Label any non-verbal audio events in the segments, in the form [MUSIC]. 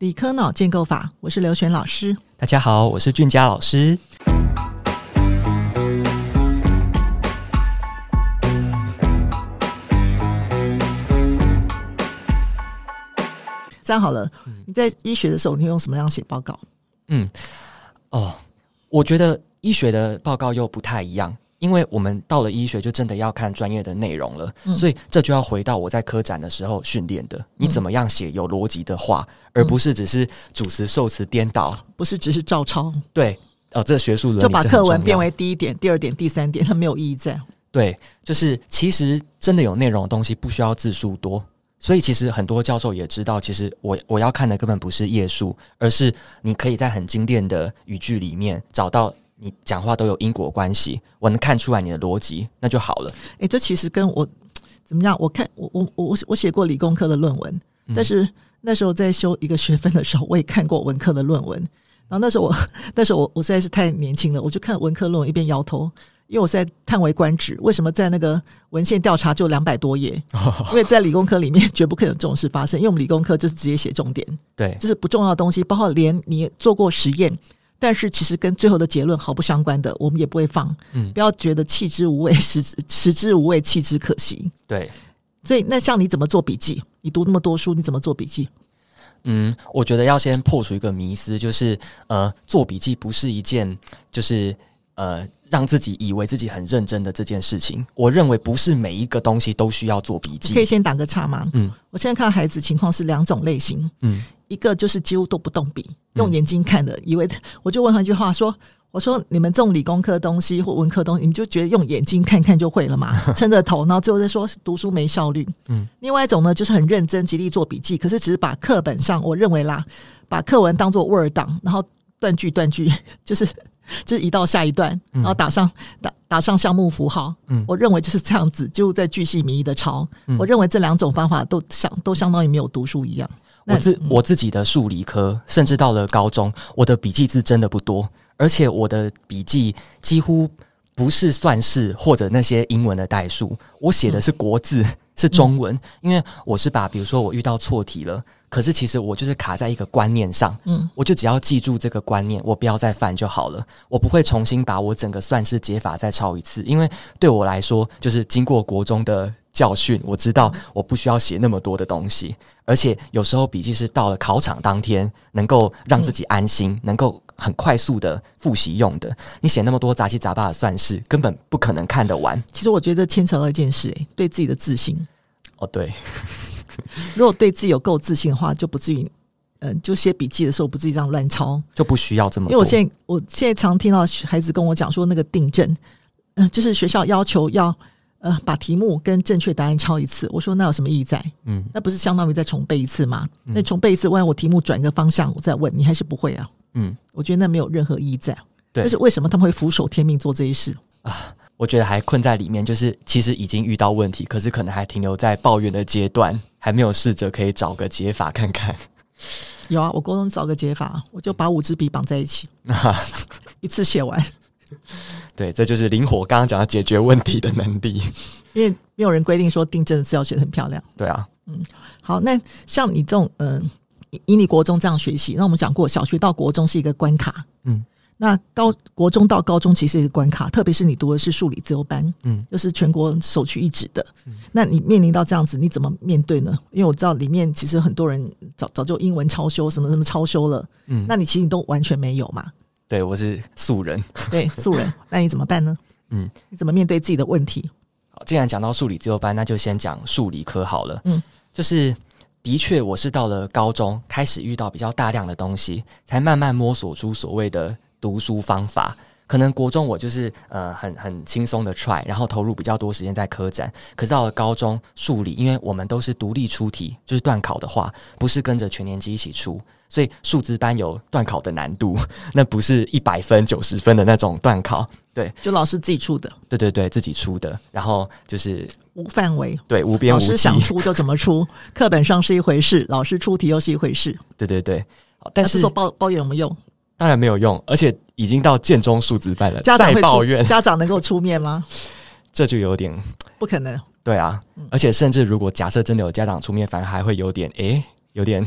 理科腦建構法，我是劉璇老師。大家好，我是峻嘉老師。這樣好了、嗯，你在醫學的時候，你會用什麼樣寫報告？嗯，哦，我覺得醫學的報告又不太一樣。因為我們到了醫學，就真的要看專業的內容了、嗯，所以這就要回到我在科展的時候訓練的，嗯、你怎麼樣寫有邏輯的話，嗯、而不是只是主詞受詞顛倒，不是只是照抄。對，哦，這學術倫理就把課文變為第一點、第二點、第三點，它沒有意義在。對，就是其實真的有內容的東西不需要字數多，所以其實很多教授也知道，其實我我要看的根本不是頁數，而是你可以在很精煉的語句裡面找到。你講話都有因果關係，我能看出來你的邏輯，那就好了。誒、欸，這其實跟我怎麼樣？我看我我我我寫過理工科的論文、嗯，但是那時候在修一個學分的時候，我也看過文科的論文。然後那時候我那時候我我實在是太年輕了，我就看文科論文一邊搖頭，因為我在嘆為觀止。為什麼在那個文獻調查就兩百多頁、哦？因為在理工科裡面絕不可能有這種事發生，因為我們理工科就是直接寫重點，對，就是不重要的東西，包括連你做過實驗。但是其實跟最後的結論毫不相關的，我們也不會放。嗯，不要覺得棄之無味，食食之無味，棄之可惜。對，所以那像你怎麼做筆記？你讀那麼多書，你怎麼做筆記？嗯，我覺得要先破除一個迷思，就是呃，做筆記不是一件，就是呃。讓自己以為自己很認真的這件事情，我認為不是每一個東西都需要做筆記。可以先打個岔嗎？嗯，我現在看孩子情況是兩種類型，嗯，一個就是幾乎都不動筆，用眼睛看的，嗯、以為我就問他一句話說：“我說你們這種理工科東西或文科東西，你們就覺得用眼睛看看就會了嗎？”撐着頭，然後最後再說讀書沒效率。嗯，另外一種呢，就是很認真，極力做筆記，可是只是把課本上我認為啦，把課文當做 word 檔，然後。斷句，斷句，就是就是一到下一段，然後打上、嗯、打打上項目符號。嗯，我認為就是這樣子，就在巨細靡遺的抄、嗯。我認為這兩種方法都相都相當於沒有讀書一樣。我自、嗯、我自己的數理科，甚至到了高中，我的筆記字真的不多，而且我的筆記幾乎不是算式或者那些英文的代數，我寫的是國字，嗯、是中文、嗯，因為我是把，比如說我遇到錯題了。可是，其實我就是卡在一個觀念上，嗯，我就只要記住這個觀念，我不要再犯就好了。我不會重新把我整個算式解法再抄一次，因為對我來說，就是經過國中的教訓，我知道我不需要寫那麼多的東西。嗯、而且有時候筆記是到了考場當天，能夠讓自己安心、嗯，能夠很快速的復習用的。你寫那麼多雜七雜八的算式，根本不可能看得完。其實我覺得牽扯到一件事，哎，對自己的自信。哦，對。 [LAUGHS] 如果對自己有夠自信的話，就不至於，嗯、呃，就寫筆記的時候，不至於這樣亂抄，就不需要這麼。因為我現在，我現在常聽到孩子跟我講說，那個訂正，嗯、呃，就是學校要求要，呃，把題目跟正確答案抄一次。我說那有什麼意義在？嗯，那不是相當於在重背一次嗎？嗯、那重背一次，萬一我題目轉個方向，我再問你還是不會啊？嗯，我覺得那沒有任何意義在。對，但是為什麼他們會俯首聽命做這些事啊？我覺得還困在裡面，就是其實已經遇到問題，可是可能還停留在抱怨的階段，還沒有試着可以找個解法看看。有啊，我國中找個解法，我就把五支筆綁在一起， [LAUGHS] 一次寫寫完。 [LAUGHS] 對，這就是靈活。剛剛講的解決問題的能力，因為沒有人規定說訂正字要寫得很漂亮。對啊，嗯，好，那像你這種，嗯、呃，以你國中這樣學習，那我們講過，小學到國中是一個關卡，嗯。那高國中到高中其實也是關卡，特別是你讀的是數理資優班，嗯，就是全國首屈一指的。嗯，那你面臨到這樣子，你怎麼面對呢？因為我知道裡面其實很多人早早就英文超修，什麼什麼超修了，嗯，那你其實你都完全沒有嘛。對，我是素人，對，素人，那你怎麼辦呢？嗯，你怎麼面對自己的問題？好，既然講到數理資優班，那就先講數理科好了。嗯，就是的確我是到了高中開始遇到比較大量的東西，才慢慢摸索出所謂的。讀書方法，可能國中我就是呃很很輕鬆的 try，然後投入比較多時間在科展。可是到了高中數理，因為我們都是獨立出題，就是段考的話，不是跟着全年級一起出，所以數資班有段考的難度，那不是一百分九十分的那種段考。對，就老師自己出的。對對對，自己出的。然後就是無範圍，對，無邊無際，老師想出就怎麼出。課本上是一回事，老師出題又是一回事。對對對，但是說抱怨有沒有用？當然沒有用，而且已經到建中數資班了家長會，再抱怨家長能夠出面嗎？這就有點不可能。對啊、嗯，而且甚至如果假設真的有家長出面，反而還會有點，誒，有點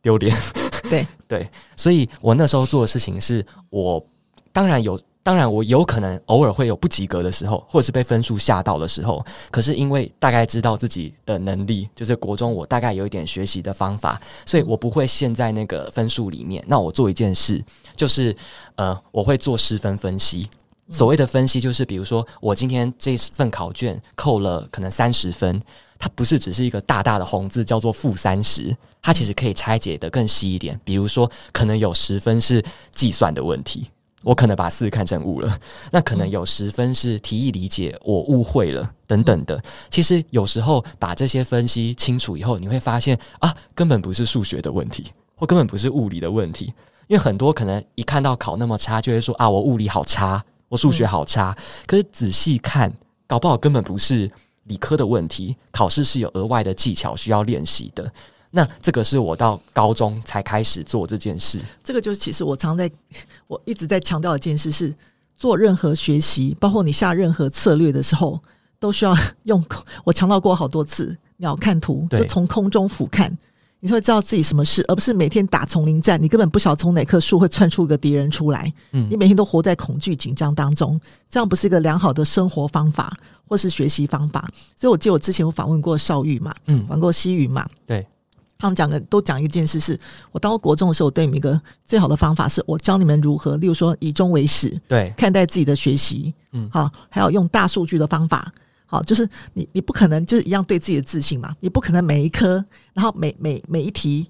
丟臉。嗯、 [LAUGHS] 對對，所以我那時候做的事情是，我當然有。當然，我有可能偶爾會有不及格的時候，或者是被分數嚇到的時候。可是因為大概知道自己的能力，就是國中我大概有一點學習的方法，所以我不會陷在那個分數裡面。那我做一件事，就是呃，我會做失分分析。所謂的分析，就是比如說我今天這份考卷扣了可能三十分，它不是只是一個大大的紅字叫做負三十，它其實可以拆解得更細一點。比如說，可能有十分是計算的問題。我可能把四看成五了，那可能有十分是題意理解我誤會了等等的。其實有時候把這些分析清楚以後，你會發現啊，根本不是數學的問題，或根本不是物理的問題，因為很多可能一看到考那麼差，就會說啊，我物理好差，我數學好差。嗯、可是仔細看，搞不好根本不是理科的問題，考試是有額外的技巧需要練習的。那這個是我到高中才開始做這件事。這個就是其實我常在，我一直在強調的一件事是，是做任何學習，包括你下任何策略的時候，都需要用。我強調過好多次，鳥瞰圖，就從空中俯瞰，你會知道自己什麼事，而不是每天打叢林戰。你根本不曉得從哪棵樹會竄出一個敵人出來，嗯。你每天都活在恐懼緊張當中，這樣不是一個良好的生活方法，或是學習方法。所以，我記得我之前有訪問過邵玉嘛，嗯，訪過西雲嘛，對。他們講的都講一件事是，是我到國中的時候，我對你們一個最好的方法是，是我教你們如何，例如說以終為始，對，看待自己的學習，嗯，好，還有用大數據的方法，好，就是你你不可能就是一樣對自己的自信嘛，你不可能每一科，然後每每每一題，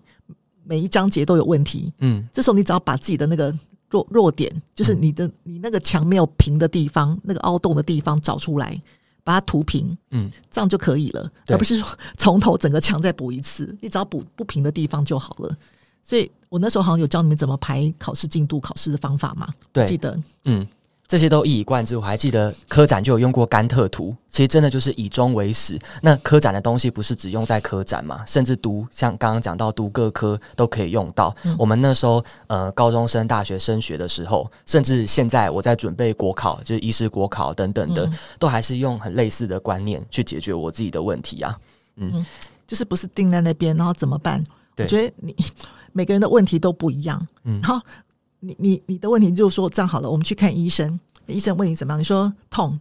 每一章節都有問題，嗯，這時候你只要把自己的那個弱弱點，就是你的、嗯、你那個牆沒有平的地方，那個凹洞的地方找出來。把它塗平，嗯，這樣就可以了，而不是說從頭整個牆再補一次，你只要補不平的地方就好了。所以我那時候好像有教你們怎麼排考試進度、考試的方法嘛，對，記得，嗯。這些都一以貫之，我還記得科展就有用過甘特圖，其實真的就是以終為始。那科展的東西不是只用在科展嘛，甚至讀像剛剛講到讀各科都可以用到。嗯、我們那時候呃，高中升大學升學的時候，甚至現在我在準備國考，就是醫師國考等等的、嗯，都還是用很類似的觀念去解決我自己的問題啊。嗯，就是不是定在那邊，然後怎麼辦？對我覺得你每個人的問題都不一樣。嗯，好。你你你的問題就是說這樣好了，我們去看醫生。醫生問你怎麼樣，你說痛，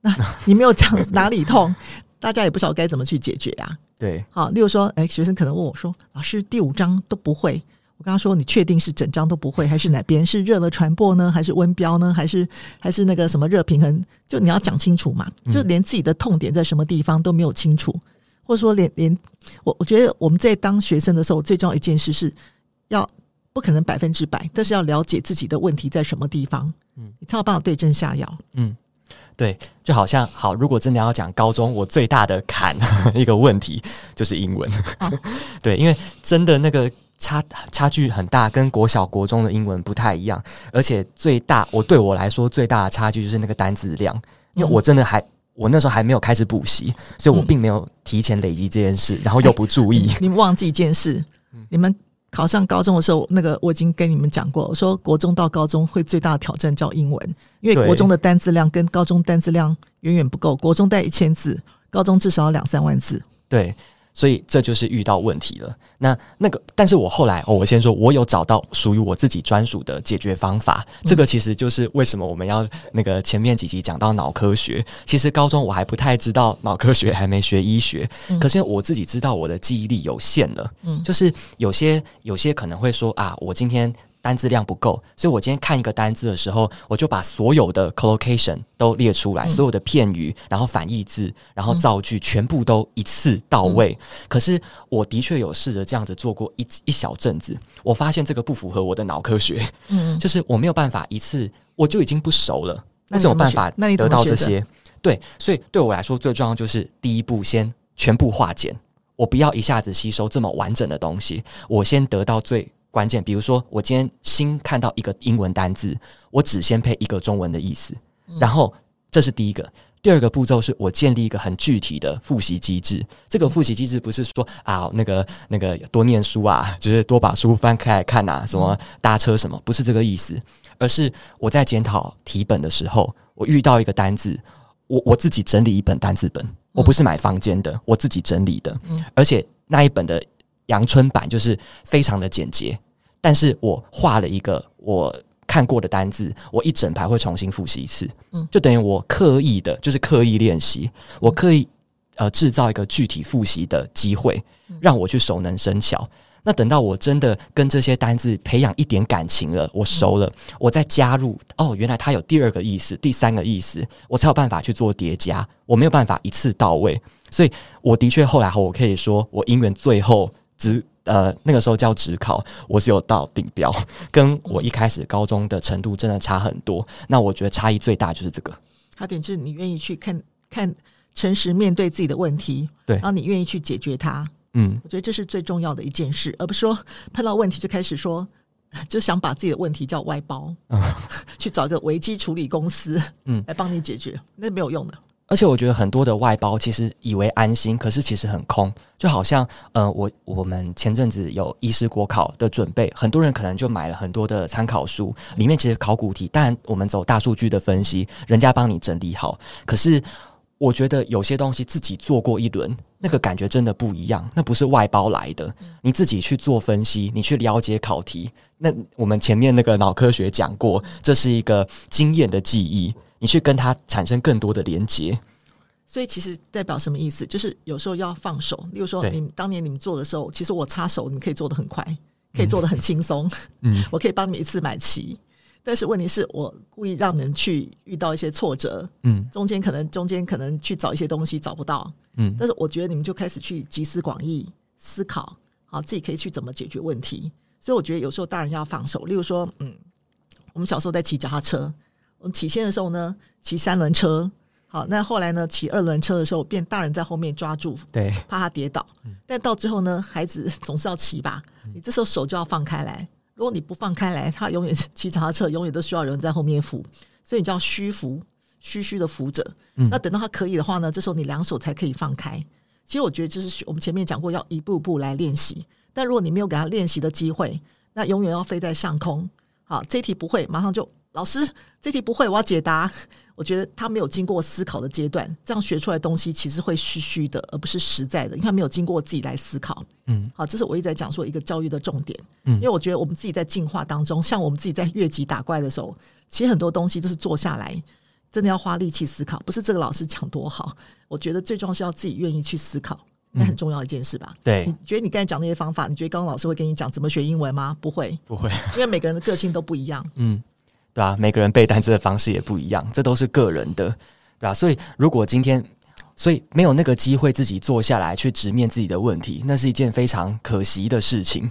那、啊、你沒有講哪裡痛 [LAUGHS] 對對對，大家也不知道該怎麼去解決啊。對，好，例如說，哎、欸，學生可能問我說，老師第五章都不會，我跟他說，你確定是整章都不會，還是哪邊、嗯、是熱的傳播呢，還是溫標呢，還是還是那個什麼熱平衡？就你要講清楚嘛，就連自己的痛點在什麼地方都沒有清楚，或者說連連我我覺得我們在當學生的時候，最重要一件事是要。不可能百分之百，但是要了解自己的問題在什麼地方。嗯，你才有辦法對症下藥。嗯，對，就好像好，如果真的要講高中，我最大的坎一個問題就是英文。啊、 [LAUGHS] 對，因為真的那個差差距很大，跟國小國中的英文不太一樣。而且最大，我對我來說最大的差距就是那個單字量，因為我真的還、嗯、我那時候還沒有開始補習，所以我並沒有提前累積這件事、嗯，然後又不注意、欸。你們忘記一件事，嗯、你們。考上高中的時候，那個我已經跟你們講過，我說國中到高中會最大的挑戰叫英文，因為國中的單字量跟高中單字量遠遠不夠，國中帶一千字，高中至少要兩三萬字，對。所以這就是遇到問題了。那那個，但是我後來，哦，我先說，我有找到屬於我自己專屬的解決方法，嗯。這個其實就是為什麼我們要那個前面幾集講到腦科學。其實高中我還不太知道腦科學，還沒學醫學。嗯，可是我自己知道我的記憶力有限了。嗯，就是有些有些可能會說啊，我今天。單字量不夠，所以我今天看一個單字的時候，我就把所有的 collocation 都列出來，嗯、所有的片語，然後反義字，然後造句、嗯，全部都一次到位、嗯。可是我的確有試着這樣子做過一一小陣子，我發現這個不符合我的腦科學。嗯，就是我沒有辦法一次，我就已經不熟了。那怎麼辦法？那你怎麼得到這些？對，所以對我來說最重要就是第一步，先全部化簡。我不要一下子吸收這麼完整的東西，我先得到最。關鍵，比如說，我今天新看到一個英文單字，我只先配一個中文的意思，然後這是第一個。第二個步驟是我建立一個很具體的複習機制。這個複習機制不是說啊，那個那個多念書啊，就是多把書翻開來看啊，什麼搭車什麼，不是這個意思。而是我在檢討題本的時候，我遇到一個單字，我我自己整理一本單字本，我不是買坊間的，我自己整理的，嗯、而且那一本的。陽春版就是非常的簡潔，但是我畫了一個我看過的單字，我一整排會重新複習一次，嗯，就等於我刻意的，就是刻意練習，我刻意呃製造一個具體複習的機會，讓我去熟能生巧。那等到我真的跟這些單字培養一點感情了，我熟了，我再加入哦，原來它有第二個意思、第三個意思，我才有辦法去做疊加。我沒有辦法一次到位，所以我的確後來和我可以說我因緣最後，指呃，那個時候叫指考，我是有到頂標，跟我一開始高中的程度真的差很多。嗯、那我覺得差異最大就是這個。好點就是你願意去看看，誠實面對自己的問題，對，然後你願意去解決它。嗯，我覺得這是最重要的一件事，而不是說碰到問題就開始說，就想把自己的問題叫外包，嗯、去找一個危機處理公司，嗯，來幫你解決，那沒有用的。而且我覺得很多的外包其實以為安心，可是其實很空。就好像，呃，我我們前陣子有醫師國考的準備，很多人可能就買了很多的參考書，裡面其實考古題。但我們走大數據的分析，人家幫你整理好。可是我覺得有些東西自己做過一輪，那個感覺真的不一樣。那不是外包來的，你自己去做分析，你去了解考題。那我們前面那個腦科學講過，這是一個經驗的記憶。你去跟他產生更多的連接，所以其實代表什麼意思？就是有時候要放手。例如說你，你當年你們做的時候，其實我插手，你們可以做得很快，可以做得很輕鬆。嗯， [LAUGHS] 我可以幫你們一次買齊，但是問題是我故意讓人去遇到一些挫折。嗯，中間可能中間可能去找一些東西找不到。嗯，但是我覺得你們就開始去集思廣益思考，好自己可以去怎麼解決問題。所以我覺得有時候大人要放手。例如說，嗯，我們小時候在騎腳踏車。我們起先的時候呢，騎三輪車，好，那後來呢，騎二輪車的時候，變大人在後面抓住，對，怕他跌倒。但到最後呢，孩子總是要騎吧，你這時候手就要放開來。如果你不放開來，他永遠騎腳踏車，永遠都需要人在後面扶，所以你就要虛扶，虛虛的扶着。那等到他可以的話呢，這時候你兩手才可以放開。其實我覺得這是我們前面講過，要一步一步來練習。但如果你沒有給他練習的機會，那永遠要飛在上空。好，這一題不會，馬上就。老師，這題不會，我要解答。我覺得他沒有經過思考的階段，這樣學出來的東西其實會虛虛的，而不是實在的，因為他沒有經過自己來思考。嗯，好，這是我一直在講說一個教育的重點。嗯，因為我覺得我們自己在進化當中，像我們自己在越級打怪的時候，其實很多東西就是坐下來真的要花力氣思考，不是這個老師講多好。我覺得最重要是要自己願意去思考，那很重要一件事吧。嗯，對，你覺得你剛才講那些方法，你覺得剛剛老師會跟你講怎麼學英文嗎？不會，不會，因為每個人的個性都不一樣。嗯。對吧、啊？每個人背單字的方式也不一樣，這都是個人的，對吧、啊？所以，如果今天，所以沒有那個機會自己坐下來去直面自己的問題，那是一件非常可惜的事情。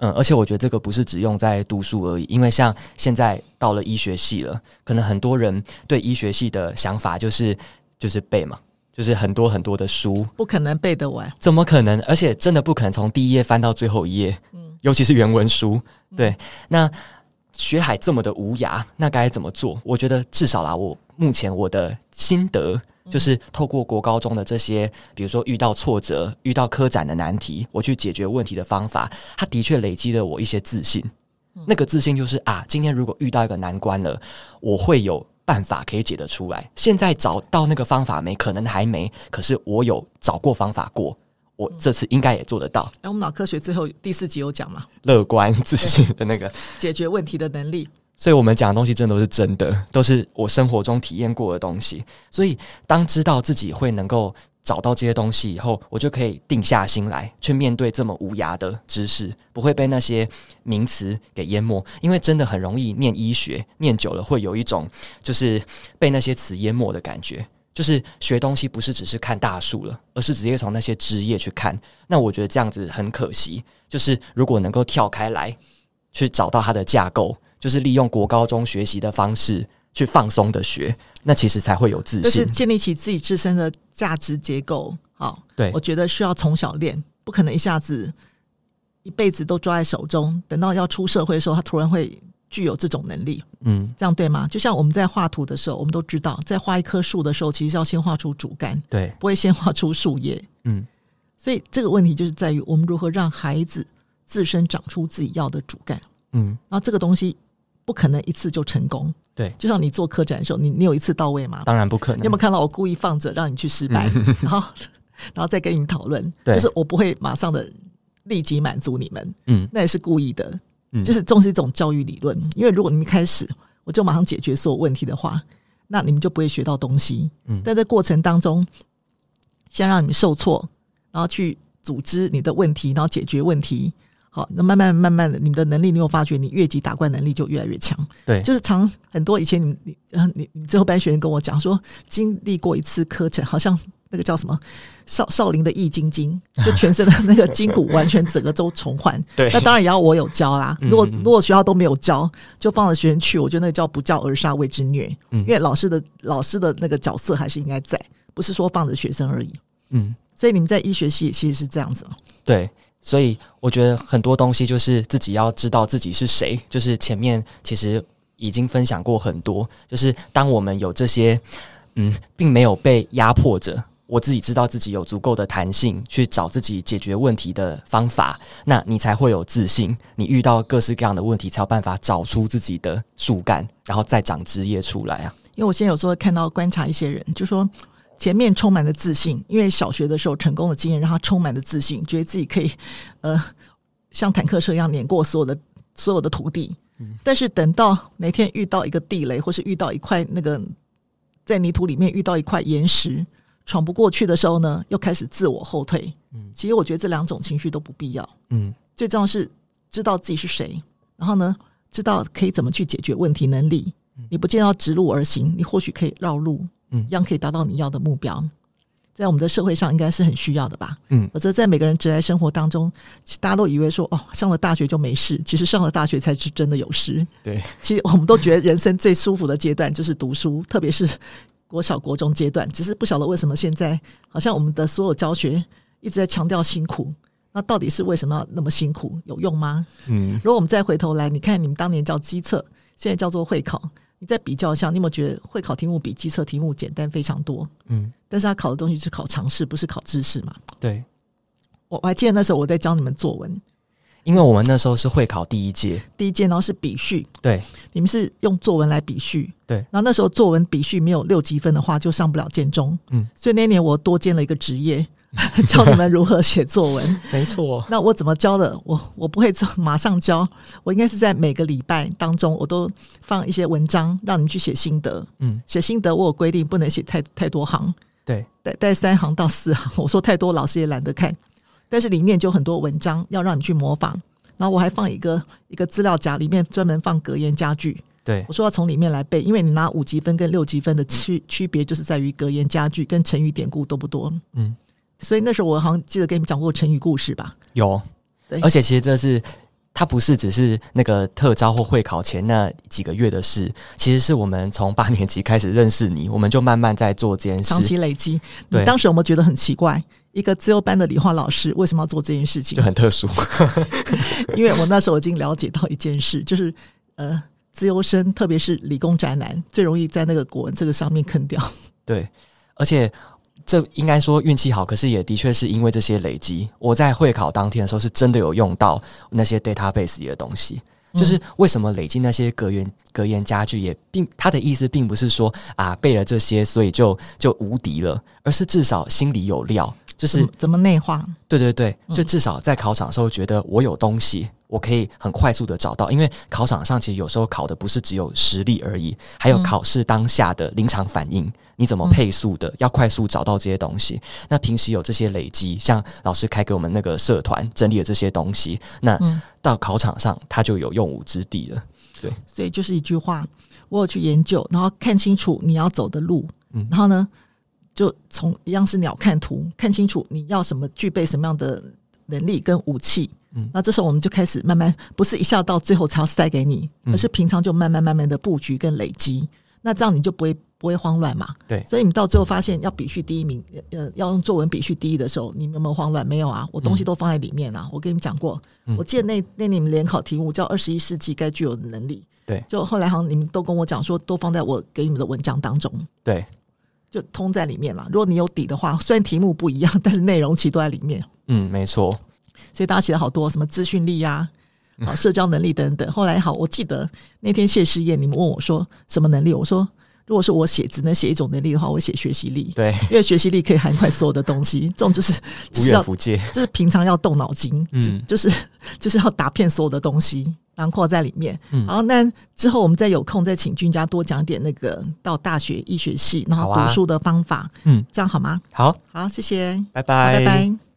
嗯，而且我覺得這個不是只用在讀書而已，因為像現在到了醫學系了，可能很多人對醫學系的想法就是就是背嘛，就是很多很多的書，不可能背得完，怎麼可能？而且真的不可能從第一頁翻到最後一頁，嗯，尤其是原文書。對，那。學海這麼的無涯，那該怎麼做？我覺得至少啦，我目前我的心得就是，透過國高中的這些，比如說遇到挫折、遇到科展的難題，我去解決問題的方法，它的確累積了我一些自信。那個自信就是啊，今天如果遇到一個難關了，我會有辦法可以解得出來。現在找到那個方法沒？可能還沒，可是我有找過方法過。我這次應該也做得到。那、嗯欸、我們腦科學最後第四集有講嗎？樂觀自信的那個解決問題的能力。所以，我們講的東西真的都是真的，都是我生活中體驗過的東西。所以，當知道自己會能夠找到這些東西以後，我就可以定下心來去面對這麼無涯的知識，不會被那些名詞給淹沒。因為真的很容易念醫學，念久了會有一種就是被那些詞淹沒的感覺。就是學東西不是只是看大樹了，而是直接從那些枝葉去看。那我覺得這樣子很可惜。就是如果能夠跳開來，去找到它的架構，就是利用國高中學習的方式去放鬆的學，那其實才會有自信，就是、建立起自己自身的價值結構。好，對。我覺得需要從小練，不可能一下子一輩子都抓在手中。等到要出社會的時候，他突然會。具有這種能力，嗯，這樣對嗎？就像我們在畫圖的時候，我們都知道，在畫一棵樹的時候，其實要先畫出主幹，對，不會先畫出樹葉，嗯。所以這個問題就是在於我們如何讓孩子自身長出自己要的主幹，嗯。然後這個東西不可能一次就成功，對。就像你做科展的時候，你你有一次到位嗎？當然不可能。你有沒有看到我故意放着讓你去失敗，嗯、 [LAUGHS] 然後然後再跟你們討論？對，就是我不會馬上的立即滿足你們，嗯，那也是故意的。就是重視一種教育理論，因為如果你們一開始我就馬上解決所有問題的話，那你們就不會學到東西。嗯，但在過程當中，先讓你們受挫，然後去組織你的問題，然後解決問題。好，那慢慢慢慢的，你們的能力，你有沒有發覺你越級打怪能力就越來越強？對，就是常很多以前你們你你你之後班學生跟我講說，經歷過一次課程，好像。那個叫什麼少少林的易筋經，就全身的那個筋骨完全整個都重換。 [LAUGHS] 對，那當然也要我有教啦、啊。如果嗯嗯如果學校都沒有教，就放着學生去，我覺得那個叫不教而殺，謂之虐。嗯，因為老師的老師的那個角色還是應該在，不是說放着學生而已。嗯，所以你們在醫學系其實是這樣子嗎？對，所以我覺得很多東西就是自己要知道自己是誰。就是前面其實已經分享過很多，就是當我們有這些，嗯，並沒有被壓迫着。我自己知道自己有足夠的彈性，去找自己解決問題的方法，那你才會有自信。你遇到各式各樣的問題，才有辦法找出自己的樹幹，然後再長枝葉出來啊。因為我現在有時候看到觀察一些人，就說前面充滿了自信，因為小學的時候成功的經驗讓他充滿了自信，覺得自己可以，呃，像坦克車一樣碾過所有的所有的土地。嗯，但是等到哪天遇到一個地雷，或是遇到一塊那個在泥土裡面遇到一塊岩石。闖不過去的時候呢，又開始自我後退。嗯，其實我覺得這兩種情緒都不必要。嗯，最重要是知道自己是誰，然後呢，知道可以怎麼去解決問題能力。嗯，你不見得要直路而行，你或許可以繞路。嗯，一樣可以達到你要的目標。在我們的社會上，應該是很需要的吧？嗯，我覺得在每個人直來生活當中，大家都以為說哦，上了大學就沒事。其實上了大學才是真的有事。對，其實我們都覺得人生最舒服的階段就是讀書， [LAUGHS] 特別是。我國小、國中階段，只是不曉得為什麼現在好像我們的所有教學一直在強調辛苦。那到底是為什麼要那麼辛苦？有用嗎？嗯。如果我們再回頭來，你看你們當年叫基測，現在叫做會考，你再比較一下，你有沒有覺得會考題目比基測題目簡單非常多？嗯。但是他考的東西是考常識，不是考知識嘛？對。我我還記得那時候我在教你們作文。因為我們那時候是會考第一屆，第一屆然後是比序。對，你們是用作文來比序。對。然後那時候作文比序沒有六級分的話，就上不了建中。嗯，所以那年我多兼了一個職業，嗯，教你們如何寫作文。 [LAUGHS] 沒錯。那我怎麼教的？我我不會做馬上教，我應該是在每個禮拜當中，我都放一些文章讓你們去寫心得。嗯，寫心得我有規定，不能寫太太多行，對，大概三行到四行。我說太多，老師也懶得看。但是裡面就有很多文章要讓你去模仿，然後我還放一個一個資料夾，裡面專門放格言佳句。對，我說要從裡面來背，因為你拿五級分跟六級分的區區別就是在於格言佳句跟成語典故多不多。嗯，所以那時候我好像記得給你們講過成語故事吧？有，對。而且其實這是它不是只是那個特招或會考前那幾個月的事，其實是我們從八年級開始認識你，我們就慢慢在做這件事，長期累積。對，你當時有沒有覺得很奇怪？一個資優班的理化老師為什麼要做這件事情？就很特殊 [LAUGHS] ，因為我那時候已經了解到一件事，就是呃，資優生特別是理工宅男最容易在那個國文這個上面坑掉。對，而且這應該說運氣好，可是也的確是因為這些累積，我在會考當天的時候是真的有用到那些 database 裡的東西。就是為什麼累積那些格言格言佳句，也並他的意思並不是說啊背了這些所以就就無敵了，而是至少心裡有料。就是怎麼內化？對對對、嗯，就至少在考場的時候，覺得我有東西，我可以很快速的找到。因為考場上其實有時候考的不是只有實力而已，還有考試當下的臨場反應、嗯，你怎麼配速的、嗯，要快速找到這些東西。那平時有這些累積，像老師開給我們那個社團整理的這些東西，那到考場上他就有用武之地了。對，所以就是一句話，我有去研究，然後看清楚你要走的路，嗯，然後呢？就從一樣是鳥看圖，看清楚你要什麼，具備什麼樣的能力跟武器。嗯，那這時候我們就開始慢慢，不是一下到最後才要塞給你、嗯，而是平常就慢慢慢慢的布局跟累積。那這樣你就不會不會慌亂嘛、嗯？對。所以你到最後發現要比序第一名，呃，要用作文比序第一的時候，你們有沒有慌亂？沒有啊，我東西都放在裡面了、啊嗯。我跟你們講過、嗯，我記得那那你們聯考題目叫“二十一世紀該具有的能力”，對。就後來好像你們都跟我講說，都放在我給你們的文章當中。對。就通在裡面嘛。如果你有底的話，雖然題目不一樣，但是內容其實都在裡面。嗯，沒錯。所以大家寫了好多什麼資訊力呀、啊啊、社交能力等等。後來好，我記得那天謝師宴，你們問我說什麼能力，我說如果是我寫，只能寫一種能力的話，我寫學習力。對，因為學習力可以涵蓋所有的東西。這種就是，就是要，就是平常要動腦筋，嗯，就是就是要打遍所有的東西。囊括在裡面。嗯，好，那之後我們再有空再請峻嘉多講點那個到大學醫學系然後讀書的方法。嗯、啊，這樣好嗎？嗯？好，好，謝謝，拜拜，拜拜。